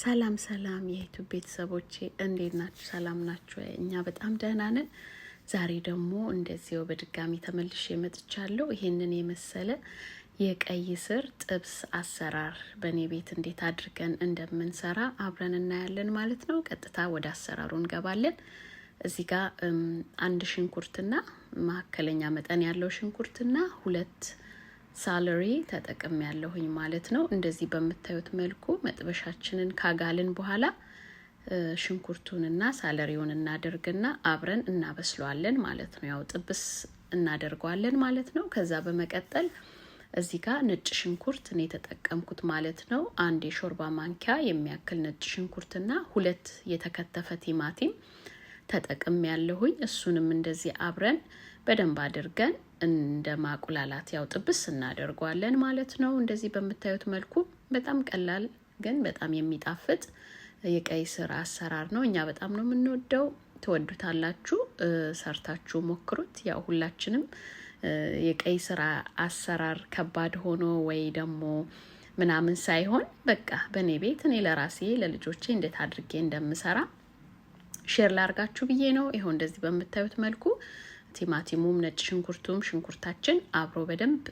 ሰላም ሰላም የዩቱብ ቤተሰቦቼ እንዴት ናችሁ? ሰላም ናችሁ? እኛ በጣም ደህና ነን። ዛሬ ደግሞ እንደዚው በድጋሚ ተመልሼ መጥቻለሁ። ይሄንን የመሰለ የቀይ ስር ጥብስ አሰራር በእኔ ቤት እንዴት አድርገን እንደምንሰራ አብረን እናያለን ማለት ነው። ቀጥታ ወደ አሰራሩ እንገባለን። እዚህ ጋር አንድ ሽንኩርትና መካከለኛ መጠን ያለው ሽንኩርትና ሁለት ሳለሪ ተጠቅም ያለሁኝ ማለት ነው። እንደዚህ በምታዩት መልኩ መጥበሻችንን ካጋልን በኋላ ሽንኩርቱንና ሳለሪውን እናደርግና አብረን እናበስለዋለን ማለት ነው። ያው ጥብስ እናደርገዋለን ማለት ነው። ከዛ በመቀጠል እዚህ ጋር ነጭ ሽንኩርት ነው የተጠቀምኩት ማለት ነው። አንድ የሾርባ ማንኪያ የሚያክል ነጭ ሽንኩርትና ሁለት የተከተፈ ቲማቲም ተጠቅም ያለሁኝ እሱንም እንደዚህ አብረን በደንብ አድርገን እንደ ማቁላላት ያው ጥብስ እናደርገዋለን ማለት ነው። እንደዚህ በምታዩት መልኩ በጣም ቀላል ግን በጣም የሚጣፍጥ የቀይ ስር አሰራር ነው። እኛ በጣም ነው የምንወደው። ትወዱታላችሁ። ሰርታችሁ ሞክሩት። ያው ሁላችንም የቀይ ስር አሰራር ከባድ ሆኖ ወይ ደግሞ ምናምን ሳይሆን በቃ በእኔ ቤት እኔ ለራሴ ለልጆቼ እንዴት አድርጌ እንደምሰራ ሼር ላርጋችሁ ብዬ ነው። ይኸው እንደዚህ በምታዩት መልኩ ቲማቲሙም ነጭ ሽንኩርቱም ሽንኩርታችን አብሮ በደንብ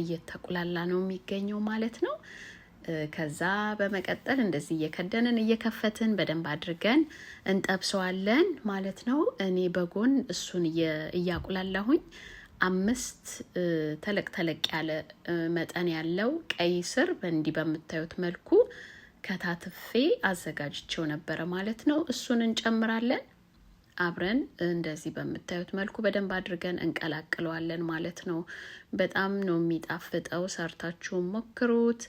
እየተቁላላ ነው የሚገኘው ማለት ነው። ከዛ በመቀጠል እንደዚህ እየከደንን እየከፈትን በደንብ አድርገን እንጠብሰዋለን ማለት ነው። እኔ በጎን እሱን እያቁላላሁኝ አምስት ተለቅ ተለቅ ያለ መጠን ያለው ቀይ ስር እንዲህ በምታዩት መልኩ ከታትፌ አዘጋጅቸው ነበረ ማለት ነው። እሱን እንጨምራለን። አብረን እንደዚህ በምታዩት መልኩ በደንብ አድርገን እንቀላቅለዋለን ማለት ነው። በጣም ነው የሚጣፍጠው። ሰርታችሁ ሞክሩት።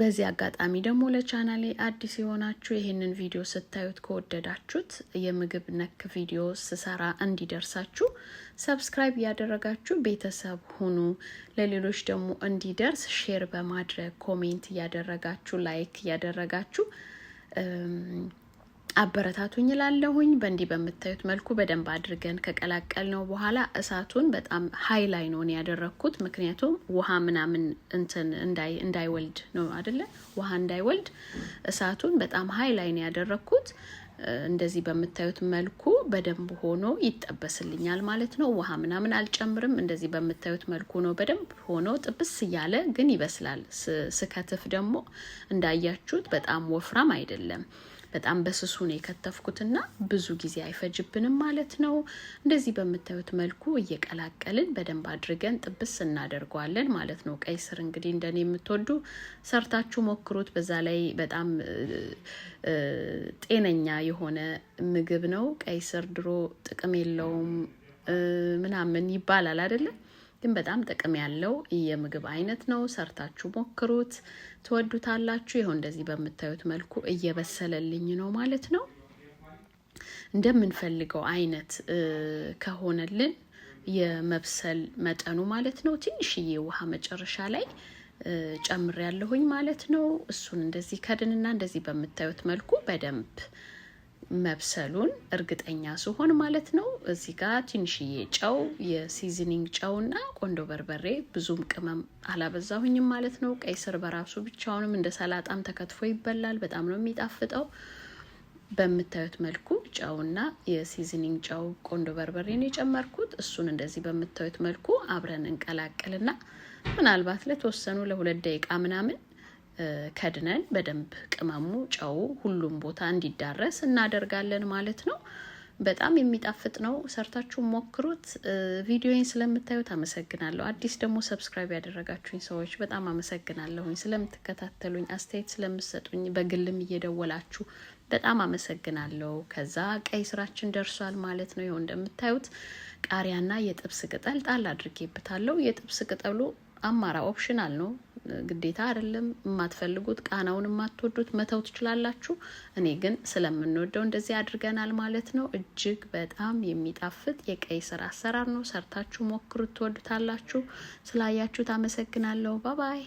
በዚህ አጋጣሚ ደግሞ ለቻናሌ አዲስ የሆናችሁ ይህንን ቪዲዮ ስታዩት ከወደዳችሁት የምግብ ነክ ቪዲዮ ስሰራ እንዲደርሳችሁ ሰብስክራይብ እያደረጋችሁ ቤተሰብ ሁኑ። ለሌሎች ደግሞ እንዲደርስ ሼር በማድረግ ኮሜንት እያደረጋችሁ ላይክ እያደረጋችሁ አበረታቱኝ ላለሁኝ በእንዲህ በምታዩት መልኩ በደንብ አድርገን ከቀላቀል ነው በኋላ እሳቱን በጣም ሀይ ላይ ነው ያደረግኩት፣ ምክንያቱም ውሃ ምናምን እንትን እንዳይወልድ ነው አደለ? ውሃ እንዳይወልድ እሳቱን በጣም ሀይ ላይ ነው ያደረግኩት። እንደዚህ በምታዩት መልኩ በደንብ ሆኖ ይጠበስልኛል ማለት ነው። ውሃ ምናምን አልጨምርም። እንደዚህ በምታዩት መልኩ ነው በደንብ ሆኖ ጥብስ እያለ ግን ይበስላል። ስከትፍ ደግሞ እንዳያችሁት በጣም ወፍራም አይደለም። በጣም በስሱ ነው የከተፍኩትና ብዙ ጊዜ አይፈጅብንም ማለት ነው። እንደዚህ በምታዩት መልኩ እየቀላቀልን በደንብ አድርገን ጥብስ እናደርገዋለን ማለት ነው። ቀይ ስር እንግዲህ እንደኔ የምትወዱ ሰርታችሁ ሞክሩት። በዛ ላይ በጣም ጤነኛ የሆነ ምግብ ነው። ቀይ ስር ድሮ ጥቅም የለውም ምናምን ይባላል አይደለም ግን በጣም ጥቅም ያለው የምግብ አይነት ነው። ሰርታችሁ ሞክሩት፣ ትወዱታላችሁ። ይኸው እንደዚህ በምታዩት መልኩ እየበሰለልኝ ነው ማለት ነው። እንደምንፈልገው አይነት ከሆነልን የመብሰል መጠኑ ማለት ነው። ትንሽዬ ውሃ መጨረሻ ላይ ጨምር ያለሁኝ ማለት ነው። እሱን እንደዚህ ከድንና እንደዚህ በምታዩት መልኩ በደንብ መብሰሉን እርግጠኛ ስሆን ማለት ነው። እዚህ ጋር ትንሽዬ ጨው፣ የሲዝኒንግ ጨው እና ቆንዶ በርበሬ ብዙም ቅመም አላበዛሁኝም ማለት ነው። ቀይ ስር በራሱ ብቻውንም እንደ ሰላጣም ተከትፎ ይበላል። በጣም ነው የሚጣፍጠው። በምታዩት መልኩ ጨውና የሲዝኒንግ ጨው፣ ቆንዶ በርበሬን የጨመርኩት እሱን እንደዚህ በምታዩት መልኩ አብረን እንቀላቅልና ምናልባት ለተወሰኑ ለሁለት ደቂቃ ምናምን ከድነን በደንብ ቅመሙ፣ ጨው ሁሉም ቦታ እንዲዳረስ እናደርጋለን ማለት ነው። በጣም የሚጣፍጥ ነው። ሰርታችሁ ሞክሩት። ቪዲዮን ስለምታዩት አመሰግናለሁ። አዲስ ደግሞ ሰብስክራይብ ያደረጋችሁኝ ሰዎች በጣም አመሰግናለሁኝ። ስለምትከታተሉኝ፣ አስተያየት ስለምሰጡኝ በግልም እየደወላችሁ በጣም አመሰግናለሁ። ከዛ ቀይ ስራችን ደርሷል ማለት ነው። ይኸው እንደምታዩት ቃሪያና የጥብስ ቅጠል ጣል አድርጌበታለሁ። የጥብስ ቅጠሉ አማራ ኦፕሽናል ነው። ግዴታ አይደለም። የማትፈልጉት ቃናውን የማትወዱት መተው ትችላላችሁ። እኔ ግን ስለምንወደው እንደዚህ አድርገናል ማለት ነው። እጅግ በጣም የሚጣፍጥ የቀይ ስር አሰራር ነው። ሰርታችሁ ሞክሩት፣ ትወዱታላችሁ። ስላያችሁት አመሰግናለሁ። ባባይ